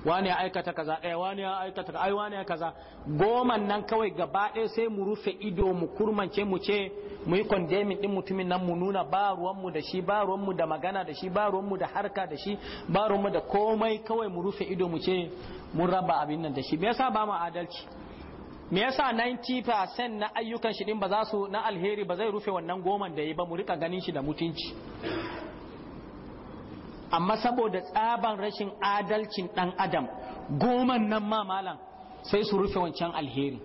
wani ya aikata kaza ɗaya eh, wani ya aikata ai wani ya kaza goman nan kawai gaba ɗaya sai mu rufe ido mu kurmance mu ce mu yi kondemin din mutumin nan mu nuna ba ruwanmu da shi ba ruwanmu da magana da shi ba ruwanmu da harka da shi ba ruwanmu da komai kawai mu rufe ido mu ce mun raba abin nan da shi me yasa ba mu adalci me yasa 90% na ayyukan shi din ba za su na alheri ba zai rufe wannan goman da yi ba mu rika ganin shi da mutunci amma saboda tsaban rashin adalcin dan adam goman nan ma malam sai su rufe wancan alheri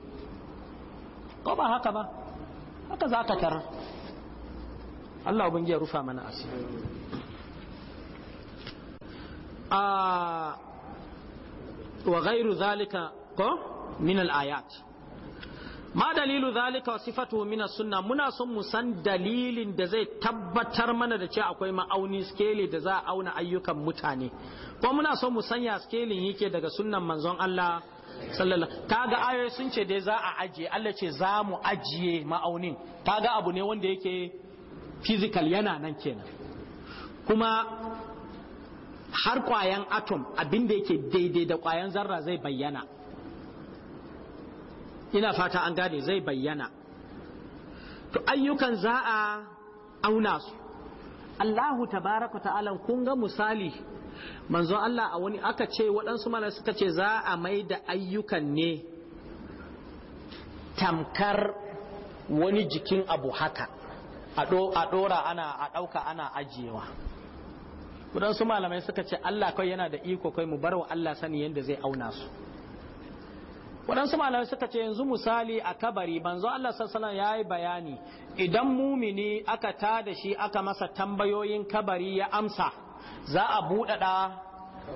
ko ba haka ba haka za ka tarar Allah ubangiji ya rufa mana asiri a ah, wa ghairu zalika ko min al ma dalilu zalika wa sifatu min sunna muna son mu san dalilin da zai tabbatar mana da cewa akwai ma'auni skeli da za a auna ayyukan mutane ko muna son mu sanya skelin yake daga sunnan manzon Allah sallallahu kaga ayoyi sun ce dai za a ajiye Allah ce za mu ajiye ma'aunin kaga abu ne wanda yake physical yana nan kenan kuma har kwayan atom abinda yake daidai da kwayan zarra zai bayyana ina fata an gane zai bayyana to ayyukan za a auna su Allahu tabaraka ta'ala kun ga misali manzo Allah a wani aka ce waɗansu mana suka ce za a mai da ayyukan ne tamkar wani jikin abu haka a ɗora ana a ɗauka ana ajiyewa waɗansu malamai suka ce Allah kai yana da iko kai mu bar wa Allah sani yadda zai auna su waɗansu malamai suka ce yanzu misali a kabari banzo Allah sassana ya yi bayani idan mumini aka ta da shi aka masa tambayoyin kabari ya amsa za a buɗaɗa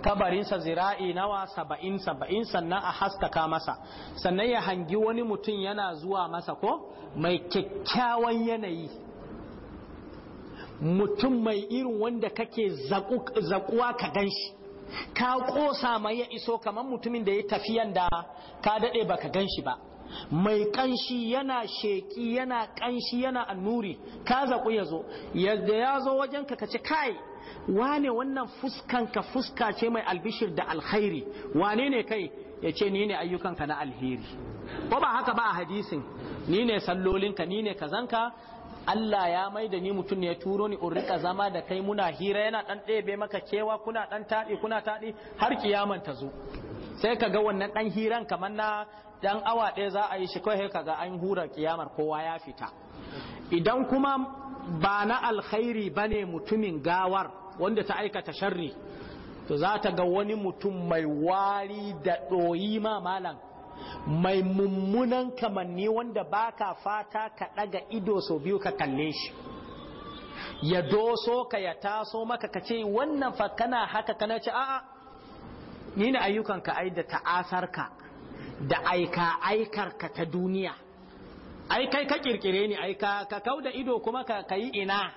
kabarinsa zira'i nawa saba'in saba'in sannan a haskaka masa sannan ya hangi wani mutum yana zuwa masa ko mai kyakkyawan yanayi mutum mai irin wanda kake zaƙuwa ka gan shi. ka ƙosa mai ya iso kamar mutumin da ya tafiyan da ka daɗe ba ka ganshi ba mai ƙanshi yana sheƙi yana ƙanshi yana annuri ka zaƙu ya zo yadda ya zo wajen ka ce kai wane wannan fuskan ka fuska ce mai albishir da alkhairi wane ne kai ya ce ni ne ayyukanka na alheri ko ba haka ba a hadisin ni ne sallolinka ni ne kazanka Allah ya mai da ni mutum ya turo ni in rika zama da kai muna hira yana dan ɗebe maka kewa kuna dan taɗi kuna taɗi har kiyaman ta zo sai kaga ga wannan dan hiran kamar na dan awa ɗaya za a yi shi kawai ka ga an hura kiyamar kowa ya fita idan kuma ba na alkhairi bane mutumin gawar wanda ta aikata sharri to za ta ga wani mutum mai wari da ɗoyi ma malam mai mummunan kamanni wanda baka fata ka daga ido so biyu ka kalle shi ya doso ka ya taso maka ka ce wannan fa kana haka kana ce a'a ni ne ayyukanka ai da ka. da aika ka ta duniya ai kai ka kirkire ni ai ka kauda ido kuma ka yi ina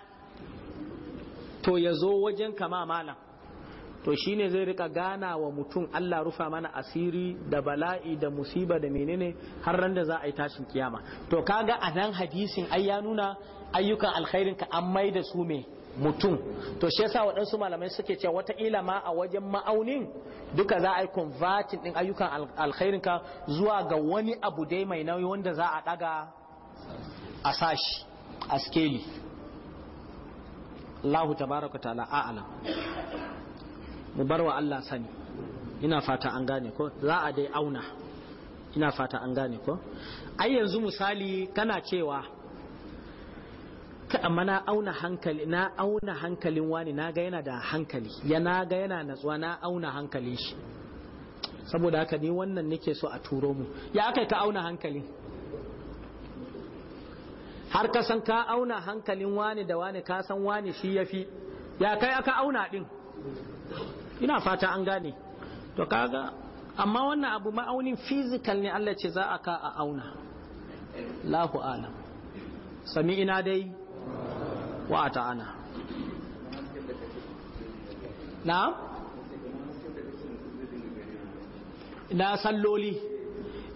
to ya zo wajen kama malam to shine zai rika gana wa mutum Allah rufa mana asiri da bala'i da musiba da menene har ran da za a yi tashin kiyama to kaga a nan hadisin ai ya nuna ayyukan alkhairin ka an mai da su me mutum to shi yasa waɗansu malamai suke cewa wata ila ma a wajen ma'aunin duka za a yi converting din ayyukan alkhairin ka zuwa ga wani abu dai mai nauyi wanda za a ɗaga a sashi a skeli Allahu tabaraka ta'ala a'lam mu bar wa Allah sani ina fata an gane ko za a dai auna ina fata an gane ko ai yanzu misali kana cewa amma na auna hankali na auna hankalin wani na ga yana da hankali ya na ga yana natsuwa na auna hankalin shi saboda haka ni wannan nake so a turo mu ya aka ka auna hankalin har ka san ka auna hankalin wani da wani ka san wani shi yafi ya kai aka auna din ina fata an gane to kaga amma wannan abu ma'aunin physical ne Allah ce za a ka a auna lahu alam sami ina dai wa ana na na salloli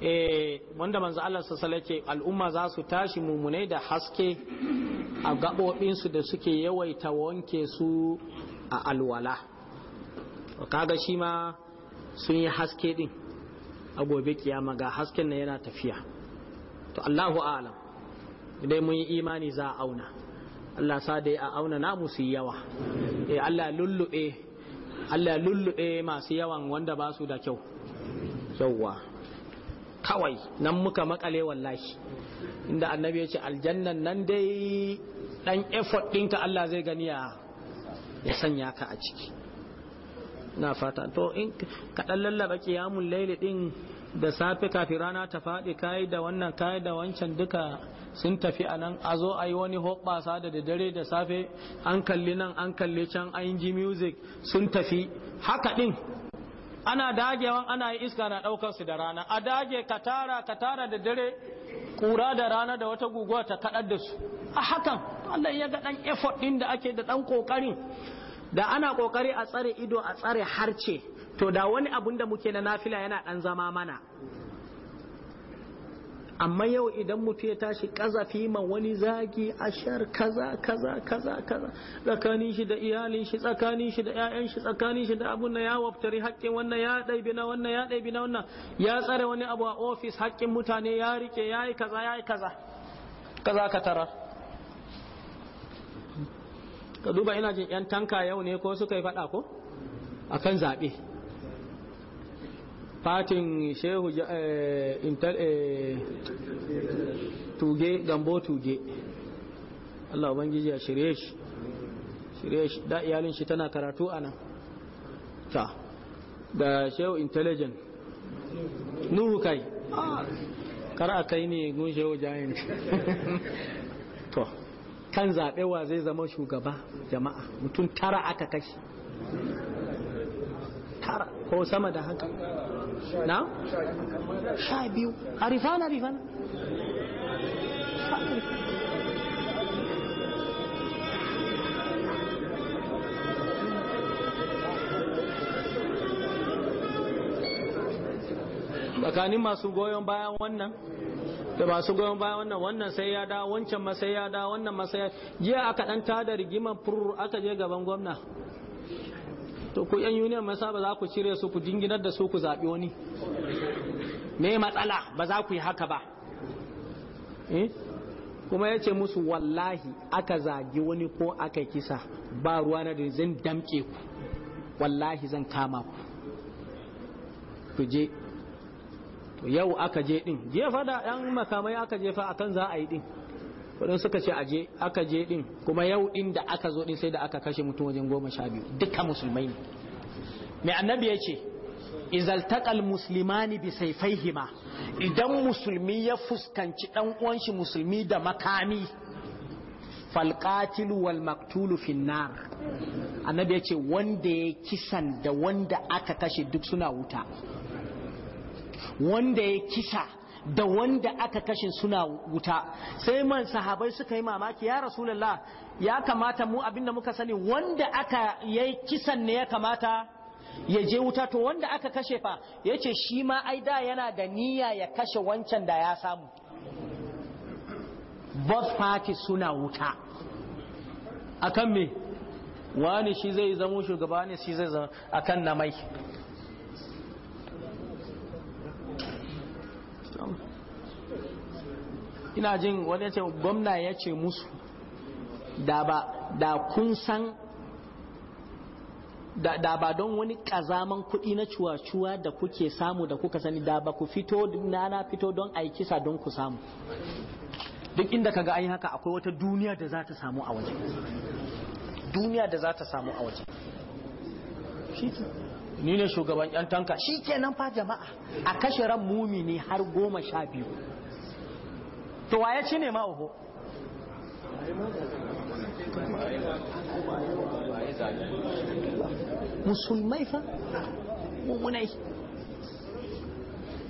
eh wanda manzo Allah sallallahu alaihi al'umma za su tashi mumunai da haske a gabobinsu da suke yawaita wanke su a alwala kaga shi ma sun yi haske din a gobe kiyama ga hasken na yana tafiya to Allahu alam dai mun yi imani za a auna Allah sa dai a auna namu musu yawa e Allah lullube Allah lullube masu yawan wanda ba su da kyau yawa kawai nan muka makale wallahi inda annabi ya ce aljannan nan dai dan effort ɗinka Allah zai gani ya sanya ka a ciki na fata to in kaɗan lallaba kiyamun layl ɗin da safe kafin rana ta faɗi kayi da wannan kayi da wancan duka sun tafi a nan a zo a yi wani hoɓɓasa da dare da safe an kalli nan an kalli can an ji music sun tafi haka ɗin ana dagewa ana yi iska na ɗaukar su da rana a dage ka tara ka tara da dare kura da rana da wata guguwa ta kaɗar da su a hakan Allah ya ga ɗan effort ɗin da ake da ɗan ƙoƙarin da ana kokari a tsare ido a tsare harce to da wani abun da muke na nafila yana dan zama mana amma yau idan mutu ya tashi kazafi ma wani zagi a shar kaza kaza kaza kaza tsakanin shi da iyalin shi tsakanin shi da ƴaƴan shi tsakanin shi da abun na ya waftari haƙƙin wannan ya ɗaibi na wannan ya ɗaibi na wannan ya tsare wani abu a ofis haƙƙin mutane ya rike ya yi kaza ya yi kaza kaza ka tarar ka duba ina jin yan tanka yau ne ko suka yi faɗa ko akan zaɓe fatin shehu eh, eh, tuge gambo tuge Allah Ubangiji ya shirye shi shirye shi da iyalin shi tana karatu a nan ta da shehu intelligent nuhu kai ah, kar a kai ne gun shehu jayin (laughs) to kan zaɓe wa zai zama shugaba jama'a mutum tara aka kashi tara ko sama da haka na? sha biyu a rifana rifana tsakanin masu goyon bayan wannan da masu goyon baya wannan wannan sai ya da wancan ma sai ya da wannan ma sai ya jiya aka dan tada rigimar furur aka je gaban gwamna to ku yan union mai ba za ku cire su ku dinginar da su ku zaɓi wani me matsala ba za ku yi haka ba eh? kuma yace musu wallahi aka zagi wani ko aka kisa ba ruwa na da zan damke ku wallahi zan kama ku ku je yau aka je din jefa da yan makamai aka jefa akan za a yi din kudin suka ce aje aka je din kuma yau din da aka zo din sai da aka kashe mutum wajen goma sha biyu duka musulmai ne mai annabi ya ce izaltakal musulmani bi saifaihima idan musulmi ya fuskanci dan uwanshi musulmi da makami falkatilu wal maktulu finnar annabi ya ce wanda ya kisan da wanda aka kashe duk suna wuta wanda ya kisa da wanda aka kashe suna wuta sai man sahabai suka yi mamaki ya rasulullah ya kamata mu abinda muka sani wanda aka ya kisan ne ya kamata ya je wuta to wanda aka kashe fa ya ce shi ma ai da yana da niyya ya kashe wancan da ya samu both parties suna wuta akan me wani shi zai zamo shugaba ne shi zai zama akan namai ina jin wani ce gwamna ya ce musu da ba da kun san da, ba don wani kazaman kuɗi na cuwa-cuwa da kuke samu da kuka sani da ba ku fito na na fito don aiki sa don ku samu duk inda kaga ga haka akwai wata duniya da za ta samu a waje duniya da za ta samu a waje ni ne shugaban yan tanka shi kenan fa jama'a a kashe ran mumini har goma sha biyu to waye ci ne ma musulmai fa mumunai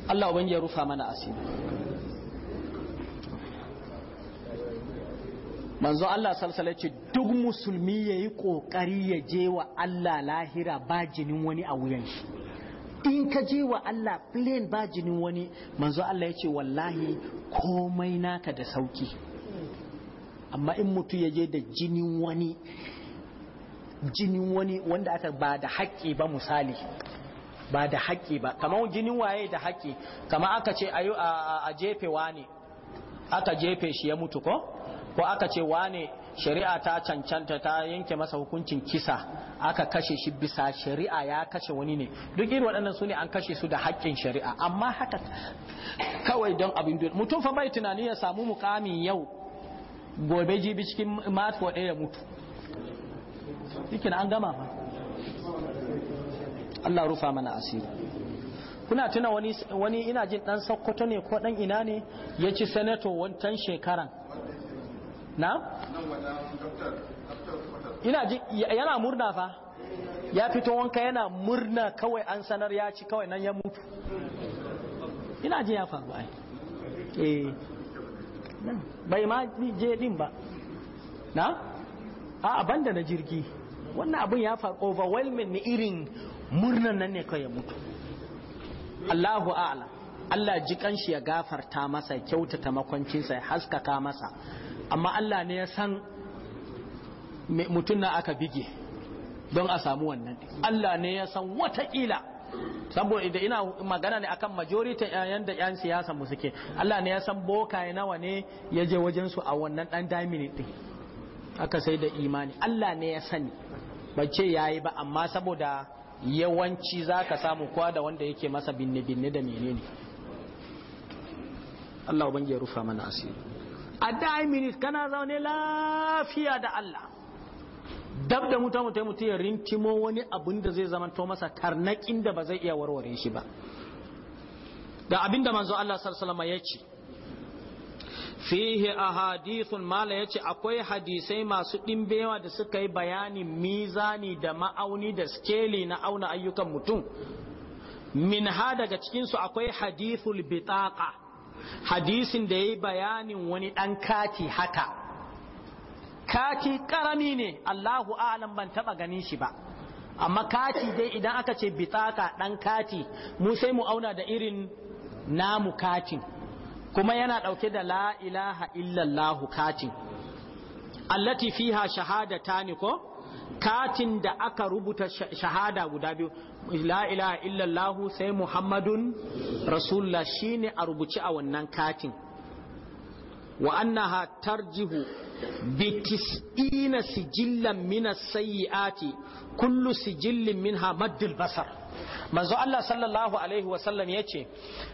Allah ubangiji ya rufa mana asiri manzo Allah salsala ce duk musulmi ya yi ƙoƙari ya je wa Allah lahira ba jinin wani a wuyan shi in ka je wa Allah plain ba jinin wani manzo Allah ya ce wallahi komai naka da sauki amma in mutum ya je da jinin wani jinin wani wanda aka ba da haƙƙi ba misali ba da haƙƙi ba kamar jinin waye da haƙƙi kamar aka ce a jefe ne aka jefe shi ya mutu ko ko aka ce wane shari'a ta cancanta ta yanke masa hukuncin kisa aka kashe shi bisa shari'a ya kashe wani ne duk irin waɗannan su ne an kashe su da haƙƙin shari'a amma haka kawai don abin dole mutum fa bai tunani ya samu mukamin yau gobe jibi cikin matuwa ɗaya ya mutu cikin an gama ma Allah rufa mana asiri kuna tuna wani, ina jin dan sokoto ne ko dan ina ne ya ci sanato wancan shekaran na? ina ji yana murna fa ya fito wanka yana murna kawai an sanar ya ci kawai nan ya mutu ina ji ya faru ai eh bai ma je din ba na? a abanda na jirgi wannan abin ya faru overwhelming ni irin murnan nan ne kawai ya mutu Allahu a'ala Allah ji kanshi ya gafarta masa kyautata makwancinsa ya haskaka masa amma Allah ne ya san mutum na aka bige don a samu wannan Allah ne ya san watakila saboda ina magana ne akan majority eh, yayin da yan siyasa mu suke Allah ne ya san bokaye nawa ne ya je wajen su a wannan dan damini din aka sai da imani Allah ne ya sani ba ce yayi ba amma saboda yawanci zaka samu kwa da wanda yake masa binne binne da menene Allah ubangi ya rufa mana asiri a daimini kana zaune lafiya da Allah dab da mutum mutum ya rintimo wani abin da zai zama to masa tarnakin da ba zai iya warware shi ba da abin da manzo Allah sallallahu alaihi wasallam ya fihi ahadithun mala yace akwai hadisai masu dimbewa da suka yi bayani mizani da ma'auni da skeli na auna ayyukan mutum min ha daga su akwai hadithul bitaqa hadisin da ya yi bayanin wani ɗan kati haka kati ƙarami ne allahu alam ban taɓa ganin shi ba amma kati dai idan aka ce bitaka ɗan kati mu sai mu auna da irin namu katin kuma yana ɗauke da la ilaha illallahu katin allati fiha ni ko katin da aka rubuta shahada guda biyu la ilaha illallahu sai muhammadun rasulullah shine a rubuci a wannan katin wa annaha tarjihu bi tis'ina sijillan min as-sayyi'ati kullu sijillin minha maddul basar manzo Allah sallallahu alaihi wa sallam yace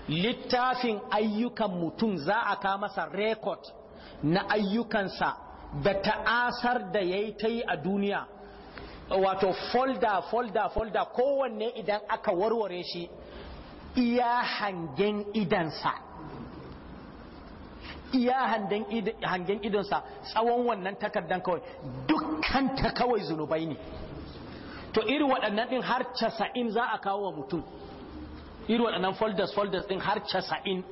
littafin ayyukan mutum za a ka masa record na ayyukansa da ta'asar da yayi tai a duniya wato folda folda folda kowanne idan aka warware shi iya hangen idansa iya hangen idansa tsawon wannan takardan kawai dukkan ta kawai zunubai ne to iri waɗannan ɗin har casa'in za a kawo wa mutum iri waɗannan folders folders ɗin har casa'in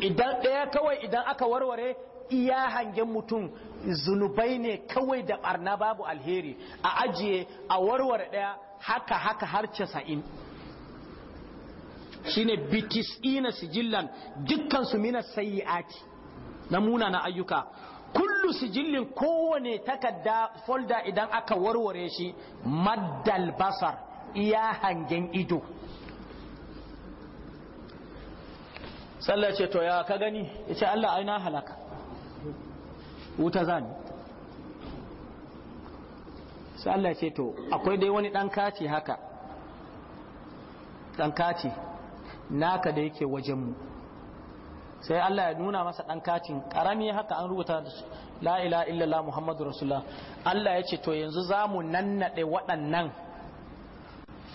idan ɗaya kawai idan aka warware iya hangen mutum zunubai ne kawai da barna babu alheri a ajiye a warware daya haka haka har casa'in shine bitis'ina sijillan dukkansu mina sayyi'ati na muna na ayyuka kullu sijillin kowane takarda folda idan aka warware shi maddal basar iya hangen ido sallace ce to ya ka gani ya ce Allah aina halaka wuta za ne sai Allah ce to akwai dai wani dan kati haka dan kati naka da yake wajenmu sai Allah ya nuna masa dan katin karami haka an rubuta la ilaha illallah muhammadu rasulullah Allah ya ce to yanzu za mu nannade waɗannan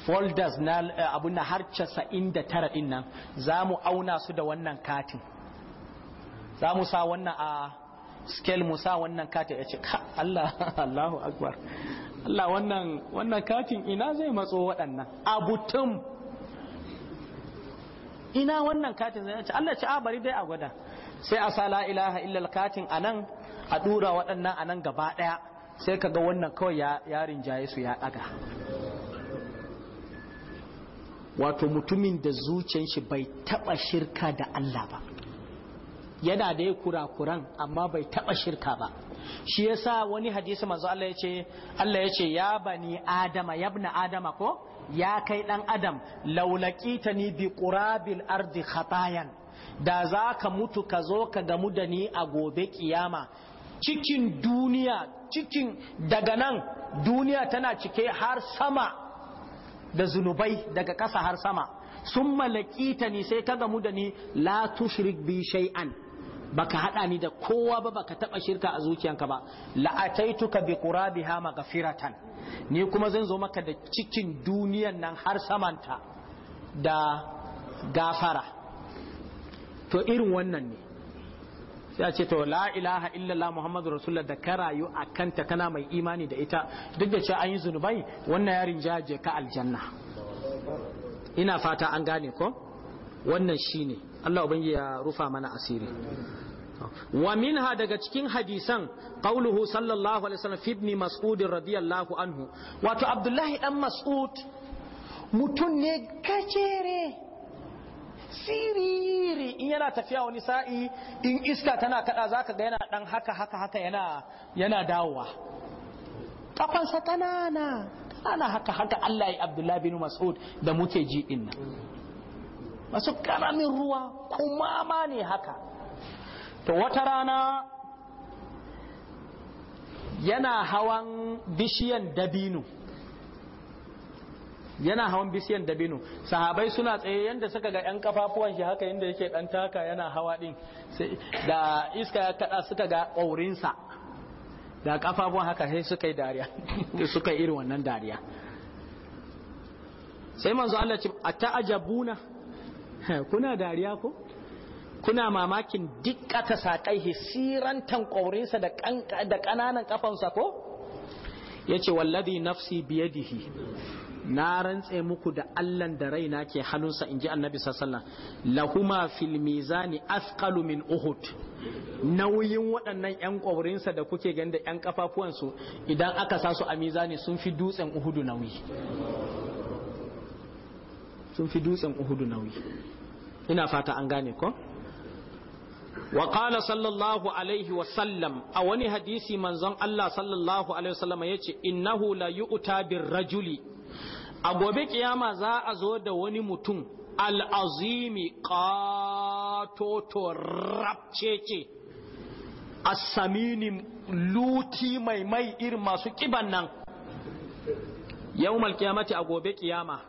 folders na eh, abun na har 99 din nan za mu auna su da wannan katin za mu sa wannan a scale musa wannan katin ya ce ka Allah (laughs) Allahu akbar Allah wannan wannan katin ina zai matso waɗannan abutum ina wannan katin zai ce Allah ce a ah, bari dai a gwada sai a sa la ilaha illal katin anan a dura waɗannan anan gaba daya sai kaga wannan kawai ya yarin jaye su ya ɗaga wato mutumin da zuciyar shi bai taɓa shirka da Allah ba yana da ya kurakuran amma bai taba shirka ba shi yasa wani hadisi manzo Allah ya ce Allah ya ya bani adama yabna adama ko ya kai dan adam ta ni bi qurabil ardi khatayan da za ka mutu ka zo ka gamu da ni a gobe kiyama cikin duniya cikin daga nan duniya tana cike har sama da zunubai daga ƙasa har sama sun malakita ne sai ka gamu da ni la tushrik bi shay'an baka hada ni da kowa ba baka taba shirka a zuciyanka ba la'ataituka bi qurabiha maghfiratan ni kuma zan zo maka da cikin duniyan nan har samanta da gafara to irin wannan ne sai a ce to la ilaha illallah muhammadur rasulullah da ka rayu a kanta kana mai imani da ita duk da cewa an yi zunubai wannan yarin jaje ka aljanna ina fata an gane ko wannan shine Allah ubangi ya rufa mana asiri wa minha daga cikin hadisan qauluhu sallallahu alaihi wasallam fi ibn mas'ud radiyallahu anhu wato abdullahi dan mas'ud mutum ne gajere siriri in yana tafiya wani sa'i in iska tana kada zaka ga yana dan haka haka haka yana yana dawowa kafansa kanana ana haka haka Allah ya Abdullahi bin Mas'ud da muke ji din masu karamin ruwa kuma ma ne haka to wata rana yana hawan bishiyan dabino yana hawan bishiyan dabino sahabai suna tsaye yanda suka ga 'yan kafafuwan shi haka yanda yake dan taka yana hawa din da iska ya kada suka ga ƙaurinsa da kafafuwan haka sai suka yi dariya (laughs) suka yi irin wannan dariya sai manzo Allah ce a ta'ajabuna kuna dariya ko kuna mamakin dikkata ta saƙai hisirantan sa da ƙananan ƙafansa ko ya ce wallazi nafsi biyadihi na rantse muku da allan da raina ke hannunsa in ji annabi sassallan lahuma fil mizani min uhud nauyin waɗannan 'yan ƙwaurinsa da kuke gani da 'yan ƙafafuwansu idan aka sasu a mizani sun fi dutsen uhudu nauyi sun fi dutsen uhudu nauyi ina fata an gane ko wa qala sallallahu alaihi wa sallam a wani hadisi manzon Allah sallallahu alaihi wa sallam yace innahu la yu'ta bir rajuli a gobe kiyama za a zo da wani mutum al'azumi ƙatoto rabcece asamini luti mai mai irin masu ƙiban nan yau malkiyamati a gobe kiyama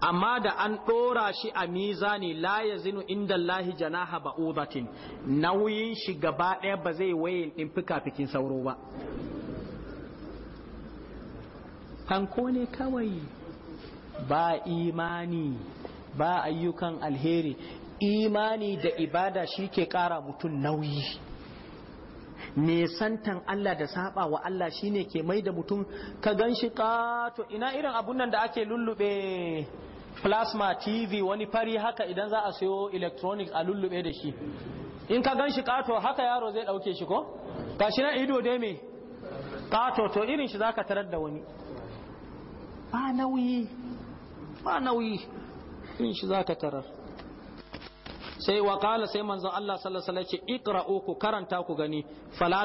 amma da an ɗora shi a mizani la ya zinu inda Allahi janaha ba'udatin nauyin shi gaba ɗaya ba zai waye ɗin fika-fikin sauro ba fanko ne kawai ba imani ba ayyukan alheri imani da ibada shi ke ƙara mutum nauyi nesantan Allah da saba wa Allah shine ke mai da mutum ka ganshi shi ina irin abun nan da ake lullube plasma tv wani fari haka idan za a sayo electronics a lullube da shi in ka gan shi kato haka yaro zai dauke shi ko gashi na ido dai me kato to irin shi zaka tarar da wani ba nauyi ba nauyi irin shi zaka tarar sai wa qala sai manzon Allah sallallahu alaihi wasallam ce iqra'u ku karanta ku gani fala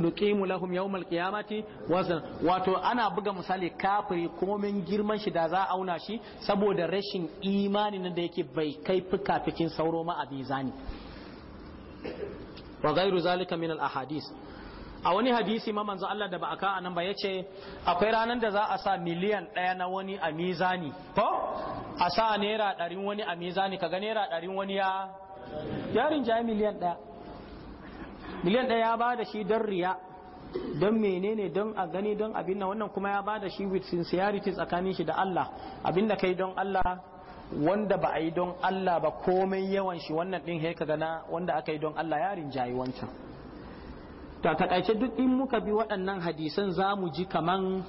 nuqimu lahum yawmal qiyamati wazan wato ana buga misali kafiri komin girman shi da za a auna shi saboda rashin imani nan da yake bai kai fuka fikin sauro ma a wa ghairu zalika min al ahadith a wani hadisi ma manzo Allah da ba aka anan ba yace akwai ranar da za a sa miliyan ɗaya na wani a mizani ko a sa naira ɗarin wani a mizani kaga naira ɗarin wani ya yarin jaye miliyan ɗaya miliyan ɗaya ya ba da shi don riya don menene don a gani don abin nan wannan kuma ya ba da shi with sincerity tsakanin shi da Allah abin da kai don Allah wanda ba a yi don Allah ba komai yawan shi wannan ɗin haika gana wanda aka yi don Allah yarin jayi wancan ta takaice duk in muka bi waɗannan hadisan za mu ji kaman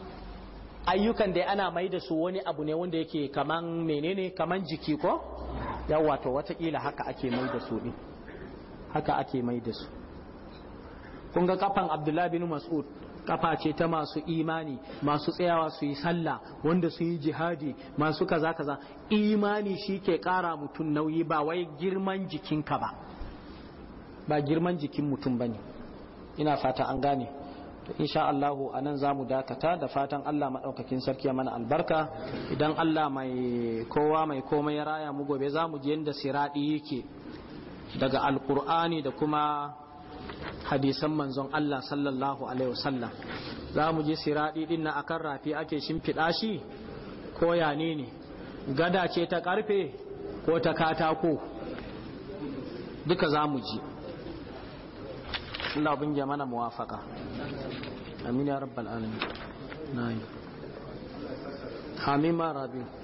ayyukan da ana mai da su wani abu ne wanda yake kaman menene kaman jiki ko yawa to watakila haka ake mai da su ɗin haka ake mai da su kun ga kafan abdullahi bin mas'ud kafa ce ta masu imani masu tsayawa su yi sallah wanda su yi jihadi masu kaza kaza imani shi ke kara mutum nauyi ba wai girman jikinka ba ba girman jikin mutum bane. ina fata an gane to insha Allah a nan dakata da fatan Allah maɗaukakin sarki ya mana albarka idan Allah mai kowa mai komai ya raya mu gobe zamu je ji yadda siraɗi yake daga alkur'ani da kuma hadisan manzon Allah sallallahu alaihi wasallam za mu ji siraɗi ɗin na akan rafi ake shimfiɗa shi ko ya ne gada ce ta karfe ko ta katako duka za mu ji Allah bin ya mana muwafaka amin ya rabbal alamin na'im hamima rabi